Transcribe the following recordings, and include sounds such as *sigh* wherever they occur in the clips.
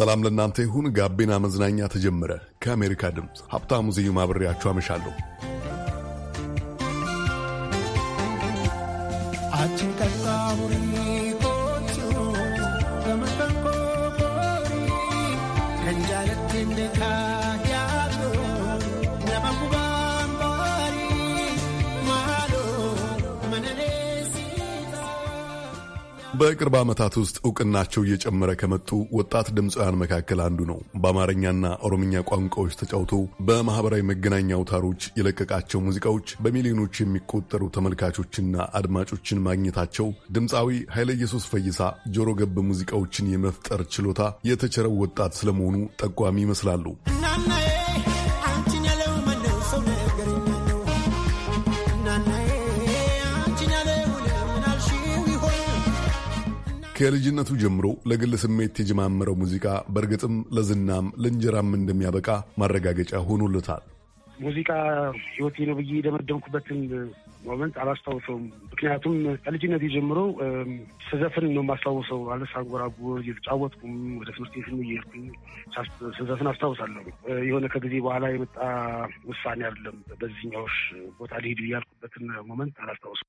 ሰላም ለእናንተ ይሁን። ጋቢና መዝናኛ ተጀመረ። ከአሜሪካ ድምፅ ሀብታሙ ዝዩ ማብሬያችሁ አመሻለሁ። በቅርብ ዓመታት ውስጥ እውቅናቸው እየጨመረ ከመጡ ወጣት ድምፃውያን መካከል አንዱ ነው። በአማርኛና ኦሮምኛ ቋንቋዎች ተጫውቶ በማኅበራዊ መገናኛ አውታሮች የለቀቃቸው ሙዚቃዎች በሚሊዮኖች የሚቆጠሩ ተመልካቾችና አድማጮችን ማግኘታቸው ድምፃዊ ኃይለ ኢየሱስ ፈይሳ ጆሮ ገብ ሙዚቃዎችን የመፍጠር ችሎታ የተቸረው ወጣት ስለመሆኑ ጠቋሚ ይመስላሉ። ከልጅነቱ ጀምሮ ለግል ስሜት የጀማመረው ሙዚቃ በእርግጥም ለዝናም ለእንጀራም እንደሚያበቃ ማረጋገጫ ሆኖለታል። ሙዚቃ ህይወቴ ነው ብዬ የደመደምኩበትን ሞመንት አላስታውሰውም። ምክንያቱም ከልጅነት ጀምሮ ስዘፍን ነው የማስታውሰው። አለ ሳንጎራጉር እየተጫወትኩም ወደ ትምህርት ቤት እየሄድኩኝ ስዘፍን አስታውሳለሁ። የሆነ ከጊዜ በኋላ የመጣ ውሳኔ አይደለም። በዚህኛዎች ቦታ ሊሄድ ያልኩበትን ሞመንት አላስታውሰው።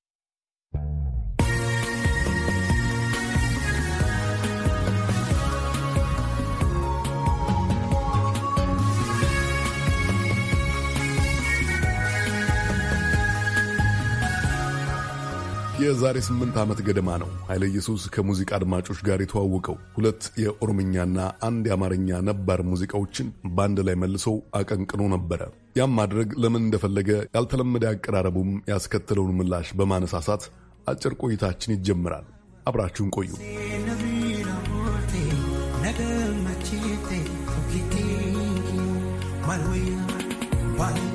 የዛሬ ስምንት ዓመት ገደማ ነው ኃይለ ኢየሱስ ከሙዚቃ አድማጮች ጋር የተዋወቀው። ሁለት የኦሮምኛና አንድ የአማርኛ ነባር ሙዚቃዎችን በአንድ ላይ መልሰው አቀንቅኖ ነበረ። ያም ማድረግ ለምን እንደፈለገ ያልተለመደ አቀራረቡም ያስከተለውን ምላሽ በማነሳሳት አጭር ቆይታችን ይጀምራል። አብራችሁን ቆዩ። While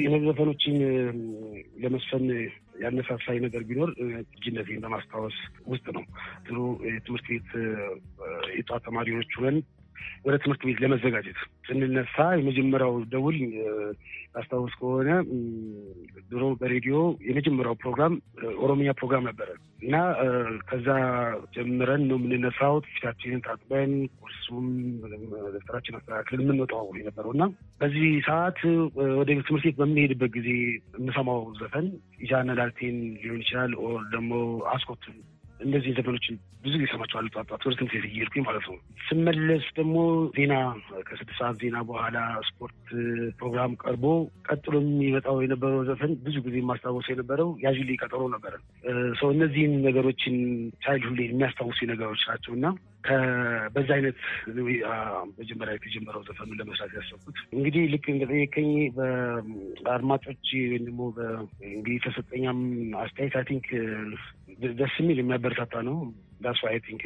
ዘፈኖችን ለመስፈን ያነሳሳይ ነገር ቢኖር ልጅነቴን በማስታወስ ውስጥ ነው። ጥሩ ትምህርት ቤት የጠዋት ተማሪዎች ሆነን ወደ ትምህርት ቤት ለመዘጋጀት ስንነሳ የመጀመሪያው ደውል አስታውስ ከሆነ ድሮ በሬዲዮ የመጀመሪያው ፕሮግራም ኦሮምኛ ፕሮግራም ነበረ እና ከዛ ጀምረን ነው የምንነሳው። ፊታችንን ታጥበን ቁርሱም ደፍተራችን አስተካክለን የምንወጣው የነበረው እና በዚህ ሰዓት ወደ ትምህርት ቤት በምንሄድበት ጊዜ የምሰማው ዘፈን ኢሻነ ላልቴን ሊሆን ይችላል ኦር ደግሞ አስኮትን እንደዚህ ዘፈኖችን ብዙ ጊዜ ሰማቸዋል። ጧጧት ትምህርት ቤት ማለት ነው። ስመለስ ደግሞ ዜና ከስድስት ሰዓት ዜና በኋላ ስፖርት ፕሮግራም ቀርቦ ቀጥሎ የሚመጣው የነበረው ዘፈን ብዙ ጊዜ የማስታወሰው የነበረው ያዥሌ ቀጠሮ ነበረ። ሰው እነዚህን ነገሮችን ቻይልድ ሁሌ የሚያስታውሱ ነገሮች ናቸው እና በዛ አይነት መጀመሪያ የተጀመረው ዘፈኑን ለመስራት ያሰብኩት እንግዲህ ልክ እንደጠየቀኝ በአድማጮች ወይም ደግሞ እንግዲህ ተሰጠኛም አስተያየት አይ ቲንክ ደስ የሚል የሚያበረታታ ነው። ዳሱ አይ ቲንክ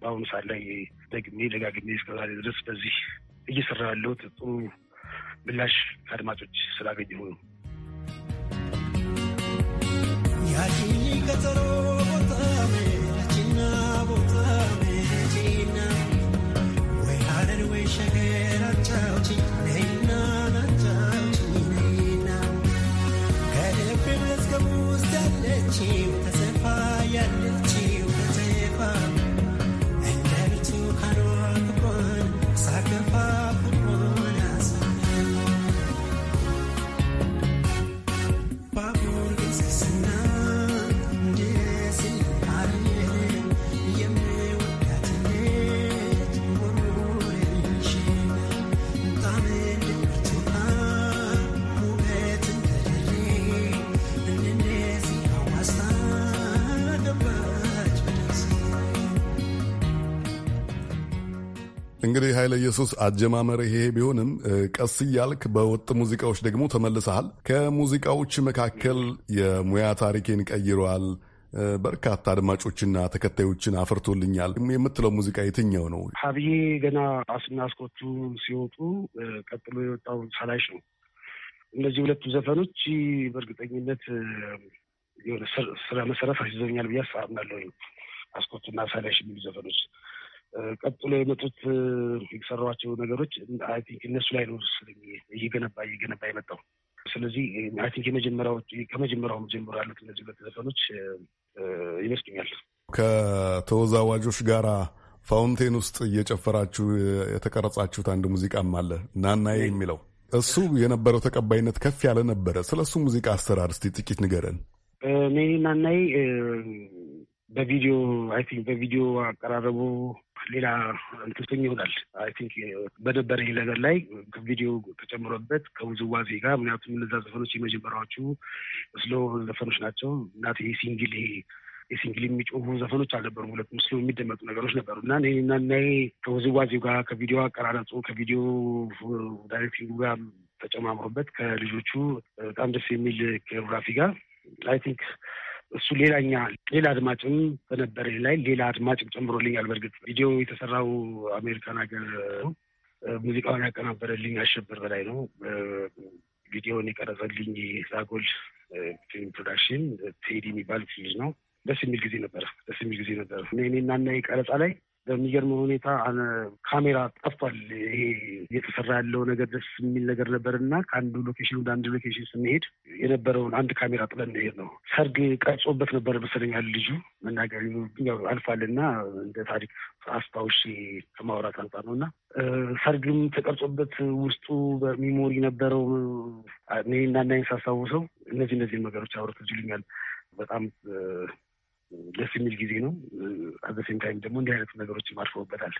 በአሁኑ ሰዓት ላይ ደግሜ ደጋግሜ እስከዛሬ ድረስ በዚህ እየሰራ ያለሁት ጥሩ ምላሽ ከአድማጮች ስላገኘሁ ነው። Thank you. ኃይለ ኢየሱስ አጀማመር ይሄ ቢሆንም ቀስ እያልክ በወጥ ሙዚቃዎች ደግሞ ተመልሰሃል። ከሙዚቃዎች መካከል የሙያ ታሪኬን ቀይረዋል፣ በርካታ አድማጮችና ተከታዮችን አፍርቶልኛል የምትለው ሙዚቃ የትኛው ነው? ሀብዬ ገና አስናስኮቹ ሲወጡ ቀጥሎ የወጣው ሳላሽ ነው። እነዚህ ሁለቱ ዘፈኖች በእርግጠኝነት የሆነ ስራ መሰረት አስይዘውኛል ብዬ አስባለሁ። አስኮቱና ሳላሽ የሚሉ ዘፈኖች ቀጥሎ የመጡት የሰሯቸው ነገሮች አይ ቲንክ እነሱ ላይ ነው እየገነባ እየገነባ የመጣው። ስለዚህ አይ ቲንክ የመጀመሪያዎች ከመጀመሪያውም ጀምሮ ያሉት እነዚህ ሁለት ዘፈኖች ይመስሉኛል። ከተወዛዋዦች ጋራ ፋውንቴን ውስጥ እየጨፈራችሁ የተቀረጻችሁት አንድ ሙዚቃም አለ ናናዬ የሚለው እሱ የነበረው ተቀባይነት ከፍ ያለ ነበረ። ስለ እሱ ሙዚቃ አሰራር እስቲ ጥቂት ንገረን። እኔ ናናዬ በቪዲዮ አይ ቲንክ በቪዲዮ አቀራረቡ ሌላ እንትስኝ ይሆናል። አይ ቲንክ በነበረኝ ነገር ላይ ቪዲዮ ተጨምሮበት ከውዝዋዜ ጋር ምክንያቱም እነዛ ዘፈኖች የመጀመሪያዎቹ ስሎ ዘፈኖች ናቸው እና ሲንግል የሲንግል የሚጮሁ ዘፈኖች አልነበሩ። ሁለት ምስሉ የሚደመጡ ነገሮች ነበሩ እና እና ይሄ ከውዝዋዜው ጋር ከቪዲዮ አቀራረጹ ከቪዲዮ ዳይሬክቲንጉ ጋር ተጨማምሮበት ከልጆቹ በጣም ደስ የሚል ኮሪዮግራፊ ጋር አይ ቲንክ እሱ ሌላኛ ሌላ አድማጭም በነበረ ላይ ሌላ አድማጭም ጨምሮልኛል። በእርግጥ ቪዲዮ የተሰራው አሜሪካን ሀገር ሙዚቃውን ያቀናበረልኝ አሸብር በላይ ነው። ቪዲዮን የቀረጸልኝ ዛጎል ፊልም ፕሮዳክሽን ቴዲ የሚባል ልጅ ነው። ደስ የሚል ጊዜ ነበረ። ደስ የሚል ጊዜ ነበረ። እኔ እና የቀረጻ ላይ በሚገርመ ሁኔታ ካሜራ ጠፍቷል። ይሄ እየተሰራ ያለው ነገር ደስ የሚል ነገር ነበር እና ከአንዱ ሎኬሽን ወደ አንድ ሎኬሽን ስንሄድ የነበረውን አንድ ካሜራ ጥለን ሄድ ነው። ሰርግ ቀርጾበት ነበር መሰለኛል ልጁ መናገር አልፋል እና እንደ ታሪክ አስታውሽ ከማውራት አንጻር ነው እና ሰርግም ተቀርጾበት ውስጡ በሚሞሪ ነበረው እኔ እናናይን ሳስታውሰው እነዚህ እነዚህን ነገሮች አውረት ይሉኛል በጣም ደስ የሚል ጊዜ ነው። አዘሴም ታይም ደግሞ እንዲህ አይነት ነገሮችም አልፈውበታል።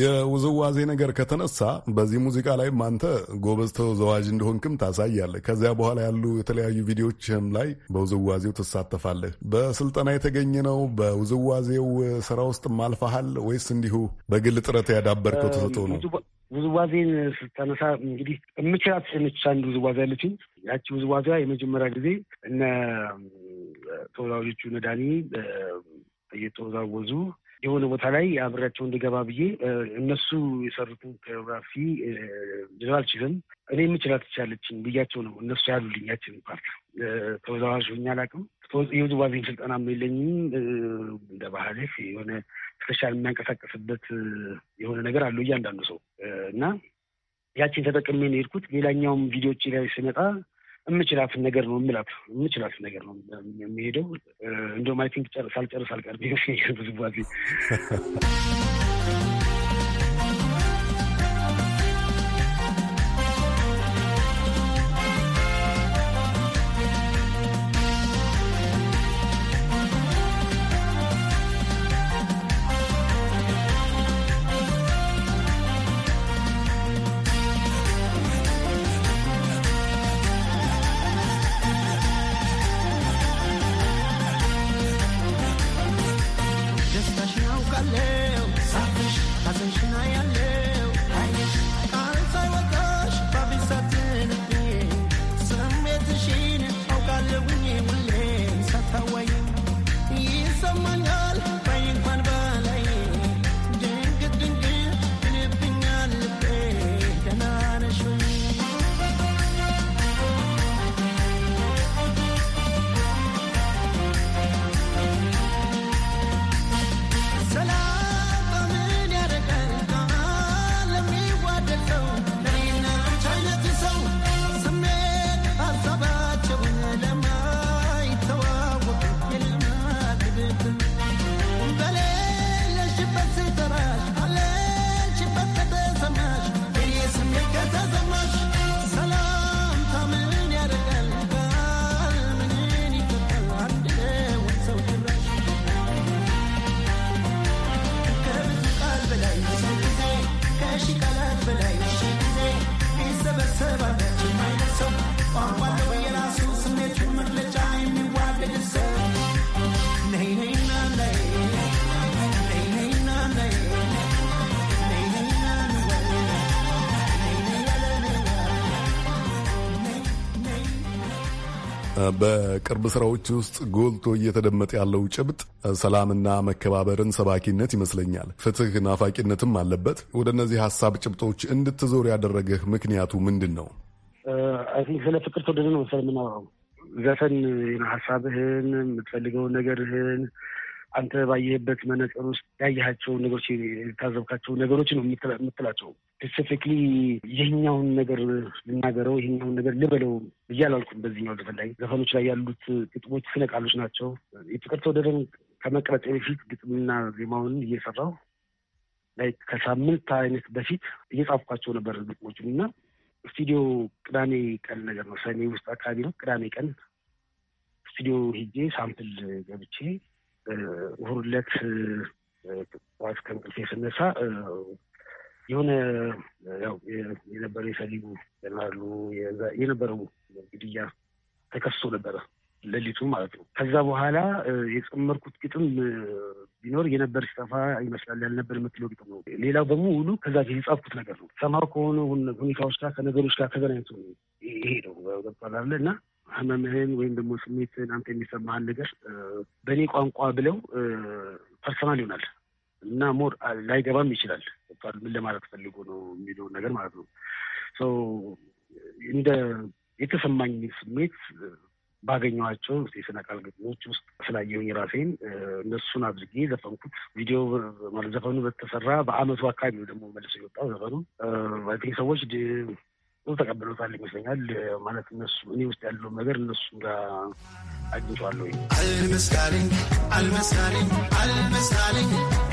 የውዝዋዜ ነገር ከተነሳ በዚህ ሙዚቃ ላይ አንተ ጎበዝ ተወዛዋዥ እንደሆንክም ታሳያለህ። ከዚያ በኋላ ያሉ የተለያዩ ቪዲዮችም ላይ በውዝዋዜው ትሳተፋለህ። በስልጠና የተገኘ ነው? በውዝዋዜው ስራ ውስጥ ማልፈሃል ወይስ እንዲሁ በግል ጥረት ያዳበርከው ተሰጥኦ ነው? ውዝዋዜን ስታነሳ እንግዲህ የምችላት ነች። አንድ ውዝዋዜ አለችኝ። ያቺ ውዝዋዜዋ የመጀመሪያ ጊዜ እነ ተወዛዋዦቹ ነዳኒ እየተወዛወዙ የሆነ ቦታ ላይ አብሬያቸው እንድገባ ብዬ እነሱ የሰሩትን ኮሪዮግራፊ ልለው አልችልም። እኔ የምችላት ትቻለችን ብያቸው ነው እነሱ ያሉልኝ ያችን ፓርት። ተወዛዋዥ ሆኜ አላውቅም። የውዝዋዜን ስልጠናም የለኝም። እንደ ባህልህ የሆነ ስፔሻል የሚያንቀሳቀስበት የሆነ ነገር አለው እያንዳንዱ ሰው እና ያችን ተጠቅሜ ነው የሄድኩት። ሌላኛውም ቪዲዮዎች ላይ ስመጣ የምችላትን ነገር ነው የምላት የምችላትን ነገር ነው የሚሄደው። እንደውም አይ ቲንክ ሳልጨርስ አልቀርም ብዙ ጊዜ *laughs* ቅርብ ስራዎች ውስጥ ጎልቶ እየተደመጠ ያለው ጭብጥ ሰላምና መከባበርን ሰባኪነት ይመስለኛል። ፍትህ ናፋቂነትም አለበት። ወደ እነዚህ ሀሳብ ጭብጦች እንድትዞር ያደረገህ ምክንያቱ ምንድን ነው? ስለ ፍቅር ተወደደ ነው መሰለህ ዘፈን ሀሳብህን፣ የምትፈልገውን ነገርህን አንተ ባየህበት መነጽር ውስጥ ያየሃቸውን ነገሮች የታዘብካቸው ነገሮች ነው የምትላቸው። ስፔሲፊክሊ ይህኛውን ነገር ልናገረው ይህኛውን ነገር ልበለው እያላልኩም በዚህኛው ዘፈን ላይ ዘፈኖች ላይ ያሉት ግጥሞች ስነቃሎች ናቸው። የፍቅር ተወደደን ከመቅረጽ በፊት ግጥምና ዜማውን እየሰራው ላይ ከሳምንት አይነት በፊት እየጻፍኳቸው ነበር ግጥሞቹን እና ስቱዲዮ ቅዳሜ ቀን ነገር ነው ሰኔ ውስጥ አካባቢ ነው። ቅዳሜ ቀን ስቱዲዮ ሄጄ ሳምፕል ገብቼ እሑድ ዕለት ጠዋት ከእንቅልፌ ስነሳ የሆነ ያው የነበረው የሰሊቡ ናሉ የነበረው ግድያ ተከስቶ ነበረ ሌሊቱ ማለት ነው። ከዛ በኋላ የጨመርኩት ግጥም ቢኖር የነበር ሲጠፋ ይመስላል ያልነበር የምትለው ግጥም ነው። ሌላው ደግሞ ሁሉ ከዛ የጻፍኩት ነገር ነው። ሰማው ከሆነ ሁኔታዎች ጋር ከነገሮች ጋር ተገናኝቶ ይሄ ነው ገብቷል እና ህመምህን ወይም ደግሞ ስሜትን አንተ የሚሰማህን ነገር በእኔ ቋንቋ ብለው ፐርሰናል ይሆናል እና ሞር ላይገባም ይችላል። ምን ለማለት ፈልጎ ነው የሚለውን ነገር ማለት ነው። ሰው እንደ የተሰማኝ ስሜት ባገኘኋቸው የስነ ቃል ግጥሞች ውስጥ ስላየሁኝ ራሴን እነሱን አድርጌ ዘፈንኩት። ቪዲዮ ማለት ዘፈኑ በተሰራ በአመቱ አካባቢ ደግሞ መልሶ የወጣው ዘፈኑ። ሰዎች ብዙ ተቀብሎታል ይመስለኛል። ማለት እነሱ እኔ ውስጥ ያለው ነገር እነሱ ጋር አግኝቼዋለሁ። አልመስካልኝ አልመስካልኝ አልመስካልኝ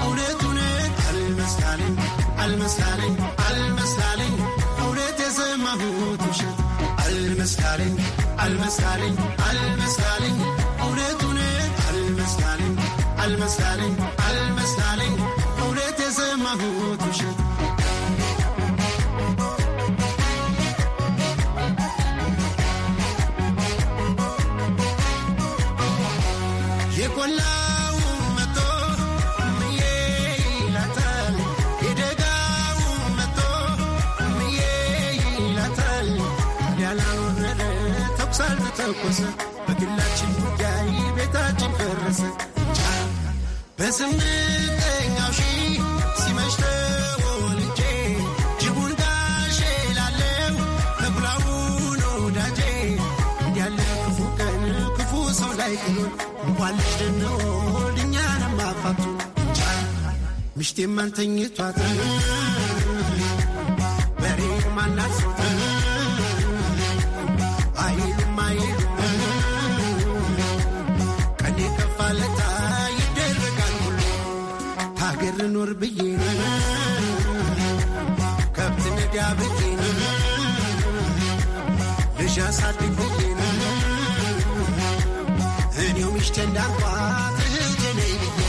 እውነት እውነት አልመስካልኝ አልመስካልኝ አልመስካልኝ እውነት የሰማሁት ውሸት አልመስካልኝ አልመስካልኝ አልመስካልኝ እውነት እውነት አልመስካልኝ አልመስካልኝ አልመስካልኝ እውነት የሰማሁት ውሸት ተኮሰ በግላችን ጉዳይ ቤታችን ፈረሰ። በስምንተኛው ሺ ሲመሽ ተወልጄ ጅቡን ጋሼ ላለው ተኩላውን ወዳጄ እንዲያለ ክፉ ቀን ክፉ ሰው ላይ ክሎን እንኳን ልጅ ደንወልድ እኛንም አፋቱ ምሽቴ ማንተኝቷት ልጅ እኔው ሚሽቴ እንዳልኳት እህቴ ነይ ብዬ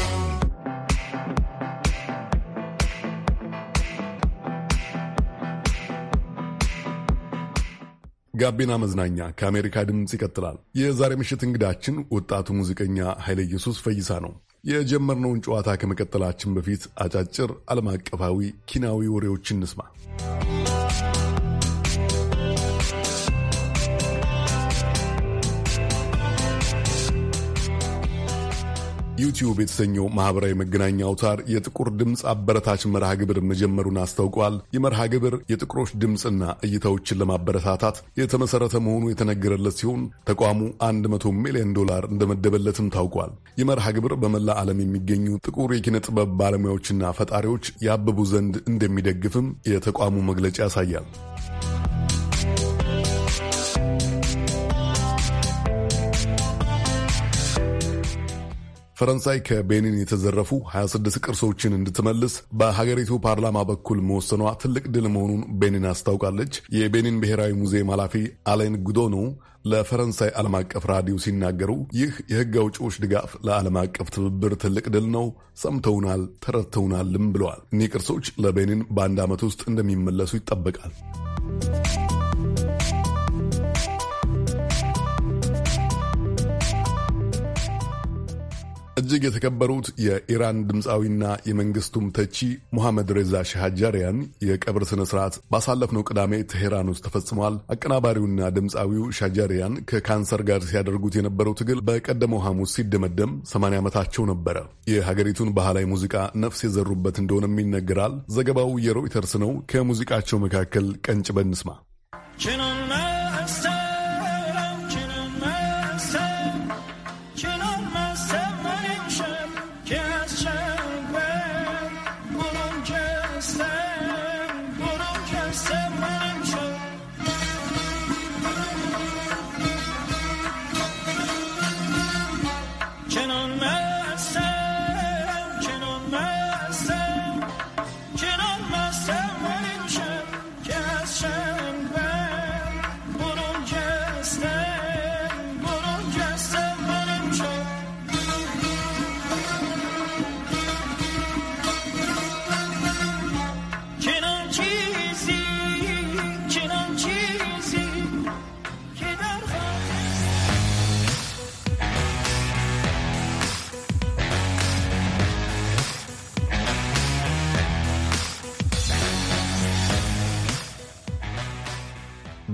ጋቢና መዝናኛ ከአሜሪካ ድምፅ ይቀጥላል። የዛሬ ምሽት እንግዳችን ወጣቱ ሙዚቀኛ ኃይለ ኢየሱስ ፈይሳ ነው። የጀመርነውን ጨዋታ ከመቀጠላችን በፊት አጫጭር ዓለም አቀፋዊ ኪናዊ ወሬዎችን እንስማ። ዩቲዩብ የተሰኘው ማህበራዊ መገናኛ አውታር የጥቁር ድምፅ አበረታች መርሃ ግብር መጀመሩን አስታውቋል። የመርሃ ግብር የጥቁሮች ድምፅና እይታዎችን ለማበረታታት የተመሰረተ መሆኑ የተነገረለት ሲሆን ተቋሙ 100 ሚሊዮን ዶላር እንደመደበለትም ታውቋል። የመርሃ ግብር በመላ ዓለም የሚገኙ ጥቁር የኪነ ጥበብ ባለሙያዎችና ፈጣሪዎች ያብቡ ዘንድ እንደሚደግፍም የተቋሙ መግለጫ ያሳያል። ፈረንሳይ ከቤኒን የተዘረፉ 26 ቅርሶችን እንድትመልስ በሀገሪቱ ፓርላማ በኩል መወሰኗ ትልቅ ድል መሆኑን ቤኒን አስታውቃለች። የቤኒን ብሔራዊ ሙዚየም ኃላፊ አሌን ጉዶኖ ለፈረንሳይ ዓለም አቀፍ ራዲዮ ሲናገሩ ይህ የሕግ አውጪዎች ድጋፍ ለዓለም አቀፍ ትብብር ትልቅ ድል ነው፣ ሰምተውናል፣ ተረድተውናልም ብለዋል። እኒህ ቅርሶች ለቤኒን በአንድ ዓመት ውስጥ እንደሚመለሱ ይጠበቃል። እጅግ የተከበሩት የኢራን ድምፃዊና የመንግስቱም ተቺ ሙሐመድ ሬዛ ሻሃጃሪያን የቀብር ስነ ስርዓት ባሳለፍነው ቅዳሜ ቴሄራን ውስጥ ተፈጽሟል። አቀናባሪውና ድምፃዊው ሻጃሪያን ከካንሰር ጋር ሲያደርጉት የነበረው ትግል በቀደመው ሐሙስ ሲደመደም 80 ዓመታቸው ነበረ። የሀገሪቱን ባህላዊ ሙዚቃ ነፍስ የዘሩበት እንደሆነም ይነገራል። ዘገባው የሮይተርስ ነው። ከሙዚቃቸው መካከል ቀንጭበን እንስማ።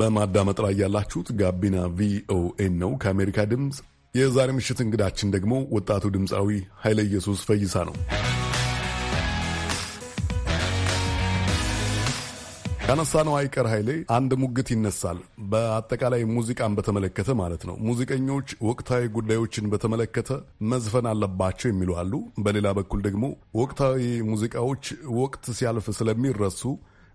በማዳመጥ ላይ ያላችሁት ጋቢና ቪኦኤ ነው ከአሜሪካ ድምፅ። የዛሬ ምሽት እንግዳችን ደግሞ ወጣቱ ድምፃዊ ኃይለ ኢየሱስ ፈይሳ ነው። ነው አይቀር ኃይሌ አንድ ሙግት ይነሳል። በአጠቃላይ ሙዚቃን በተመለከተ ማለት ነው። ሙዚቀኞች ወቅታዊ ጉዳዮችን በተመለከተ መዝፈን አለባቸው የሚሉ አሉ። በሌላ በኩል ደግሞ ወቅታዊ ሙዚቃዎች ወቅት ሲያልፍ ስለሚረሱ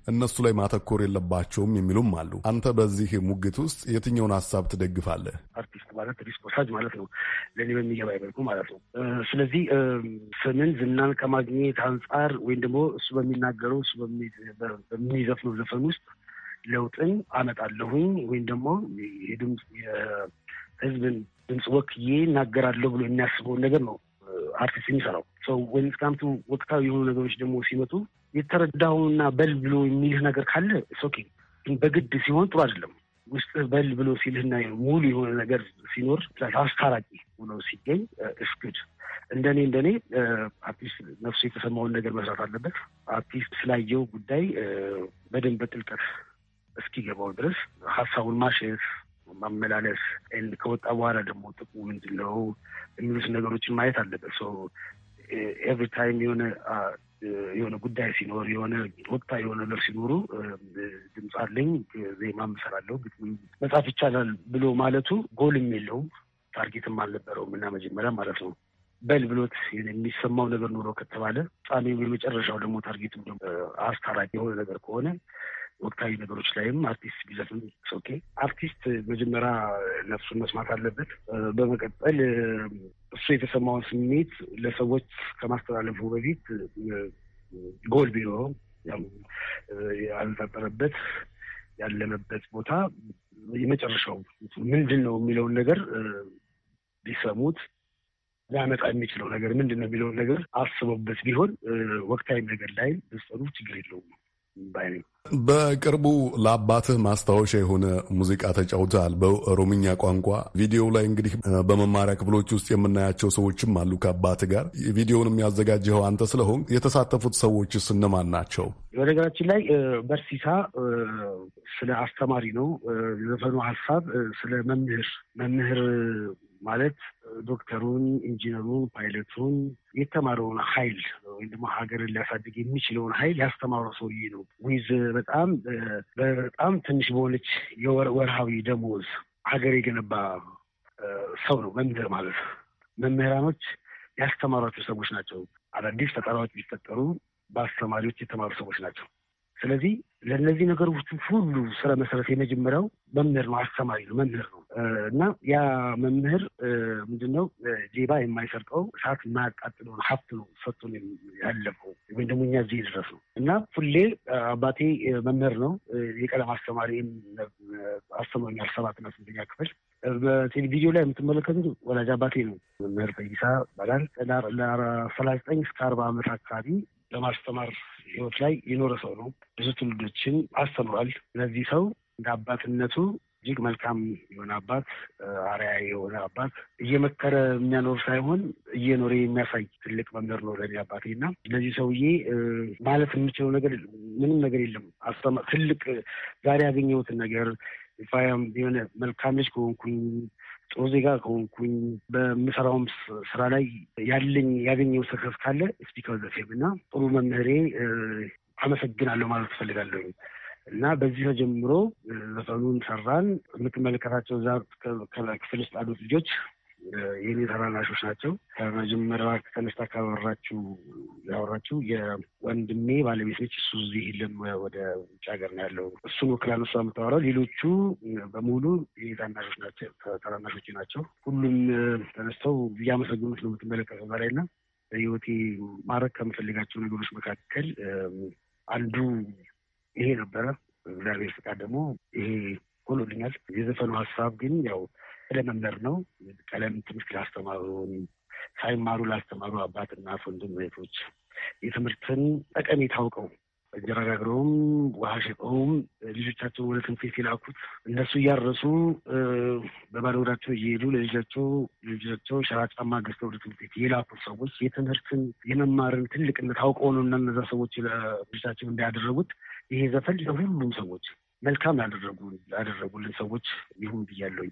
እነሱ ላይ ማተኮር የለባቸውም የሚሉም አሉ። አንተ በዚህ ሙግት ውስጥ የትኛውን ሀሳብ ትደግፋለህ? አርቲስት ማለት ሪስክ ወሳጅ ማለት ነው፣ ለእኔ በሚገባ ይበልኩ ማለት ነው። ስለዚህ ስምን ዝናን ከማግኘት አንጻር ወይም ደግሞ እሱ በሚናገረው እሱ በሚዘፍነው ዘፈን ውስጥ ለውጥን አመጣለሁኝ ወይም ደግሞ የህዝብን ድምፅ ወክዬ እናገራለሁ ብሎ የሚያስበውን ነገር ነው አርቲስት የሚሰራው ሰው ወይም ስካምቱ ወቅታዊ የሆኑ ነገሮች ደግሞ ሲመጡ የተረዳውና በል ብሎ የሚልህ ነገር ካለ ሶኬ በግድ ሲሆን ጥሩ አይደለም። ውስጥ በል ብሎ ሲልህና ሙሉ የሆነ ነገር ሲኖር አስታራቂ ሆኖ ሲገኝ እስክድ uh, እንደኔ እንደኔ አርቲስት uh, ነፍሱ የተሰማውን ነገር መስራት አለበት። አርቲስት ስላየው ጉዳይ uh, በደንብ በጥልቀት እስኪገባው ድረስ ሀሳቡን ማሸት ማመላለስ ከወጣ በኋላ ደግሞ ጥቁ ምንድን ነው የሚሉት ነገሮችን ማየት አለበት። ኤቭሪ ታይም የሆነ የሆነ ጉዳይ ሲኖር የሆነ ወቅታ የሆነ ነገር ሲኖሩ ድምፅ አለኝ ዜማ ምሰራለሁ መጻፍ ይቻላል ብሎ ማለቱ ጎልም የለውም ታርጌትም አልነበረውም እና መጀመሪያ ማለት ነው በል ብሎት የሚሰማው ነገር ኖሮ ከተባለ ጻሜ የመጨረሻው ደግሞ ታርጌቱ አስታራቂ የሆነ ነገር ከሆነ ወቅታዊ ነገሮች ላይም አርቲስት ቢዘፍን ኦኬ አርቲስት መጀመሪያ ነፍሱን መስማት አለበት። በመቀጠል እሱ የተሰማውን ስሜት ለሰዎች ከማስተላለፉ በፊት ጎል ቢኖረው ያልታጠረበት ያለመበት ቦታ የመጨረሻው ምንድን ነው የሚለውን ነገር ቢሰሙት ሊያመጣ የሚችለው ነገር ምንድን ነው የሚለውን ነገር አስበውበት ቢሆን ወቅታዊ ነገር ላይ ቢሰሩ ችግር የለውም። በቅርቡ ለአባትህ ማስታወሻ የሆነ ሙዚቃ ተጫውተሃል በሮሚኛ ቋንቋ። ቪዲዮ ላይ እንግዲህ በመማሪያ ክፍሎች ውስጥ የምናያቸው ሰዎችም አሉ ከአባት ጋር። ቪዲዮውንም ያዘጋጀኸው አንተ ስለሆን የተሳተፉት ሰዎችስ እነማን ናቸው? በነገራችን ላይ በርሲሳ ስለ አስተማሪ ነው። የዘፈኑ ሀሳብ ስለ መምህር መምህር ማለት ዶክተሩን፣ ኢንጂነሩን፣ ፓይለቱን የተማረውን ኃይል ወይም ደግሞ ሀገርን ሊያሳድግ የሚችለውን ኃይል ያስተማረው ሰውዬ ነው። ዊዝ በጣም በጣም ትንሽ በሆነች የወርሃዊ ደሞዝ ሀገር የገነባ ሰው ነው መምህር ማለት መምህራኖች ያስተማሯቸው ሰዎች ናቸው። አዳዲስ ፈጠራዎች ቢፈጠሩ በአስተማሪዎች የተማሩ ሰዎች ናቸው። ስለዚህ ለእነዚህ ነገሮች ሁሉ ስራ መሰረት የመጀመሪያው መምህር ነው፣ አስተማሪ ነው፣ መምህር ነው እና ያ መምህር ምንድነው ሌባ የማይሰርቀው እሳት የማያቃጥለውን ሀብት ነው ሰጡ ያለፈው ወይም ደግሞ እኛ እዚህ ድረስ ነው እና ሁሌ አባቴ መምህር ነው፣ የቀለም አስተማሪ አስተምሮኛል። ሰባትና ስምንተኛ ክፍል በቴሌቪዥን ላይ የምትመለከቱት ወላጅ አባቴ ነው። መምህር ፈይሳ ይባላል። ለሰላሳ ዘጠኝ እስከ አርባ ዓመት አካባቢ በማስተማር ህይወት ላይ የኖረ ሰው ነው። ብዙ ትውልዶችን አስተምሯል። ስለዚህ ሰው እንደ አባትነቱ እጅግ መልካም የሆነ አባት፣ አርያ የሆነ አባት፣ እየመከረ የሚያኖር ሳይሆን እየኖረ የሚያሳይ ትልቅ መምህር ነው ለእኔ አባቴ እና ለዚህ ሰውዬ ማለት የምችለው ነገር ምንም ነገር የለም። ትልቅ ዛሬ ያገኘሁትን ነገር የሆነ መልካም ልጅ ከሆንኩኝ ጥሩ ዜጋ ከሆንኩኝ በምሰራውም ስራ ላይ ያለኝ ያገኘው ስርከፍ ካለ ስፒከር ዘፌም እና ጥሩ መምህሬ አመሰግናለሁ ማለት እፈልጋለሁ እና በዚህ ተጀምሮ ዘፈኑን ሰራን። የምትመለከታቸው እዛ ክፍል ውስጥ አሉት ልጆች የኔ ተላላሾች ናቸው። ከመጀመሪያ ተነስታ ካወራችው ያወራችው የወንድሜ ባለቤት ነች። እሱ እዚህ የለም፣ ወደ ውጭ ሀገር ነው ያለው። እሱን ወክላ እሷ የምታወራው። ሌሎቹ በሙሉ የኔ ታናሾች ናቸው፣ ናቸው። ሁሉም ተነስተው እያመሰግኑት ነው የምትመለከተው በላይ እና በህይወቴ ማድረግ ከምፈልጋቸው ነገሮች መካከል አንዱ ይሄ ነበረ። እግዚአብሔር ፍቃድ ደግሞ ይሄ ሆኖልኛል። የዘፈኑ ሀሳብ ግን ያው ስለመምህር ነው። ቀለም ትምህርት ላስተማሩን ሳይማሩ ላስተማሩ አባትና እናት፣ ወንድም እህቶች የትምህርትን ጠቀሜታ አውቀው እንጀራ ጋግረውም ውሃ ሸጠውም ልጆቻቸው ወደ ትምህርት ቤት የላኩት እነሱ እያረሱ በባዶ እግራቸው እየሄዱ ለልጃቸው ልጆቻቸው ሸራ ጫማ ገዝተው ወደ ትምህርት ቤት የላኩት ሰዎች የትምህርትን የመማርን ትልቅነት አውቀው ነው እና እነዛ ሰዎች ልጆቻቸው እንዳያደረጉት ይሄ ዘፈን ለሁሉም ሰዎች መልካም ያደረጉ ያደረጉልን ሰዎች ይሁን ብያለሁኝ።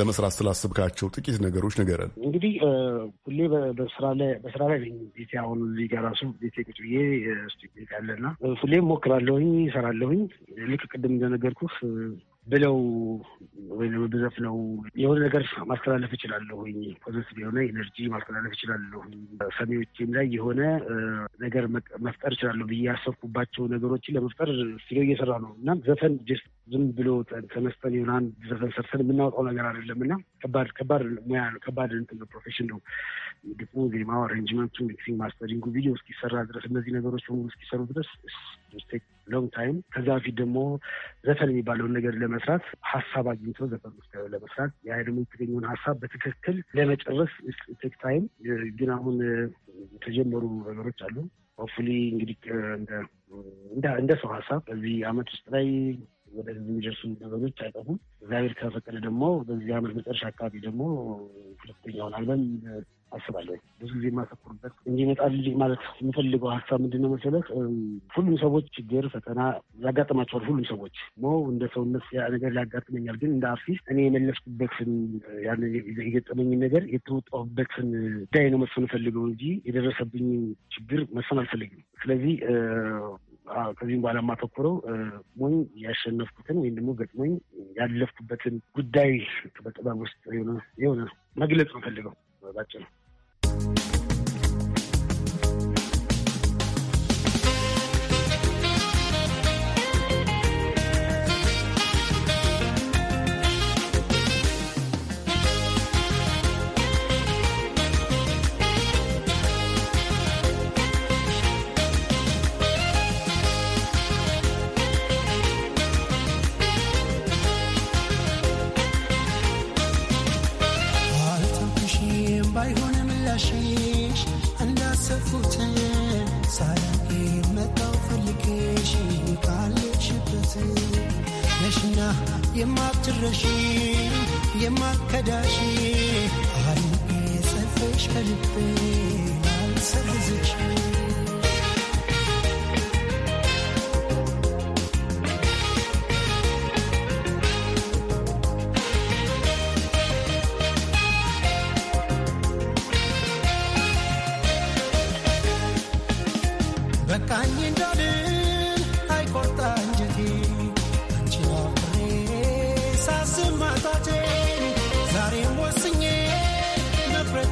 ለመስራት ስላስብካቸው ጥቂት ነገሮች ንገረን። እንግዲህ ሁሌ በስራ ላይ በስራ ላይ ነኝ። ቤቴ አሁን እዚህ ጋር እራሱ ቤቴ ቁጭ ብዬ ስቤት ያለና ሁሌ ሞክራለሁኝ፣ ይሰራለሁኝ። ልክ ቅድም እንደነገርኩህ ብለው ወይም ብዘፍ ነው የሆነ ነገር ማስተላለፍ እችላለሁኝ። ፖዘቲቭ የሆነ ኤነርጂ ማስተላለፍ እችላለሁኝ። ሰሚዎችም ላይ የሆነ ነገር መፍጠር እችላለሁ ብዬ ያሰብኩባቸው ነገሮችን ለመፍጠር ስለ እየሰራ ነው እና ዘፈን ጀስት ዝም ብሎ ተመስጠን የሆነ አንድ ዘፈን ሰርተን የምናወጣው ነገር አይደለም እና ከባድ ከባድ ሙያ ነው። ከባድ ፕሮፌሽን ነው። ግጥሙ፣ ዜማው፣ አሬንጅመንቱ፣ ሚክሲንግ፣ ማስተሪንጉ፣ ቪዲዮ እስኪሰራ ድረስ እነዚህ ነገሮች በሙሉ እስኪሰሩ ድረስ ሎንግ ታይም። ከዛ በፊት ደግሞ ዘፈን የሚባለውን ነገር ለመስራት ሀሳብ አግኝቶ ዘፈን ውስጥ ለመስራት ያ ደግሞ የተገኘውን ሀሳብ በትክክል ለመጨረስ ቴክ ታይም። ግን አሁን የተጀመሩ ነገሮች አሉ። ሆፕፉሊ እንግዲህ እንደ ሰው ሀሳብ በዚህ አመት ውስጥ ላይ ወደ የሚደርሱ ነገሮች አይጠፉም። እግዚአብሔር ከፈቀደ ደግሞ በዚህ ዓመት መጨረሻ አካባቢ ደግሞ ሁለተኛውን አልበም አስባለሁ። ብዙ ጊዜ የማተኩርበት እንዲመጣ ልጅ ማለት የምፈልገው ሀሳብ ምንድነው መሰለህ፣ ሁሉም ሰዎች ችግር ፈተና ያጋጥማቸዋል። ሁሉም ሰዎች ሞ እንደ ሰውነት ያ ነገር ሊያጋጥመኛል። ግን እንደ አርቲስት እኔ የመለስኩበትን የገጠመኝን ነገር የተወጣሁበትን ጉዳይ ነው መስፈን ፈልገው እንጂ የደረሰብኝ ችግር መሰን አልፈልግም። ስለዚህ ከዚህም በኋላ ማተኮረው ሞኝ ያሸነፍኩትን ወይም ደግሞ ገጥሞኝ ያለፍኩበትን ጉዳይ በጥበብ ውስጥ የሆነ መግለጽ ነው ፈልገው ባጭ ነው።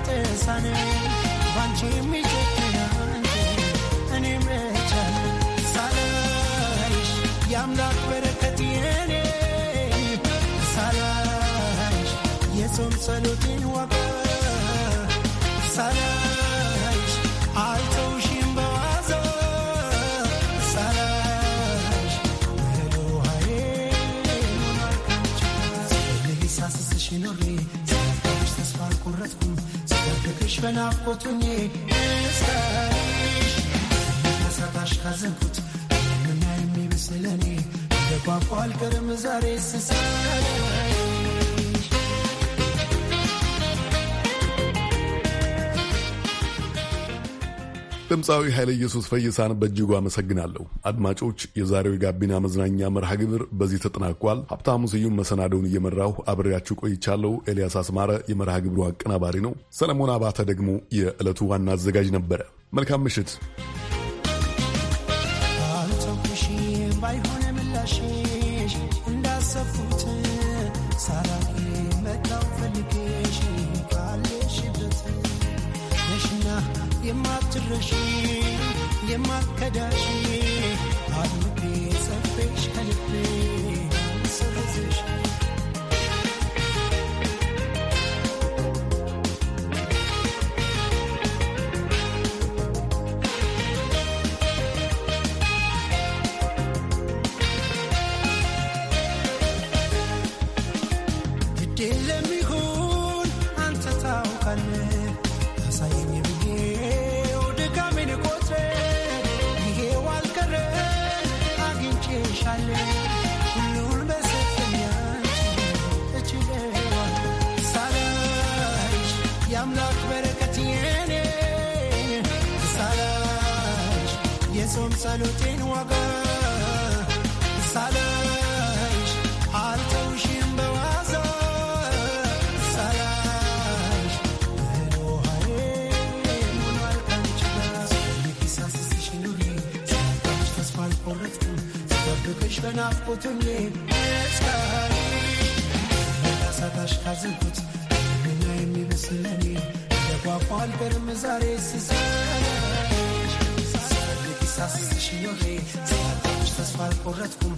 ተሳነ ባንቺ የሚጨ ፍቅርሽ በናፍቆቱኝ ስታይሽ ሳታሽ ካዘንኩት ምና የሚመስለኔ እንደ ቋንቋ አልቀርም ዛሬ ስሳይ ድምፃዊ ኃይለ ኢየሱስ ፈይሳን በእጅጉ አመሰግናለሁ። አድማጮች፣ የዛሬው የጋቢና መዝናኛ መርሃ ግብር በዚህ ተጠናቋል። ሀብታሙ ስዩም መሰናደውን እየመራሁ አብሬያችሁ ቆይቻለሁ። ኤልያስ አስማረ የመርሃ ግብሩ አቀናባሪ ነው። ሰለሞን አባተ ደግሞ የዕለቱ ዋና አዘጋጅ ነበረ። መልካም ምሽት። አብረሽ የማከዳሽ አልቤ ሰፌሽ ከልቤ ሰበዝሽ Didn't የጸሎቴን ዋጋ ሳላይሽ አልተውሽም በዋዛ ሳላይሽ ሆኗል ካንቺ ጋር ዛሬ ስሰራ ሳስስሽ ኞሄ ተስፋ አልቆረጥኩም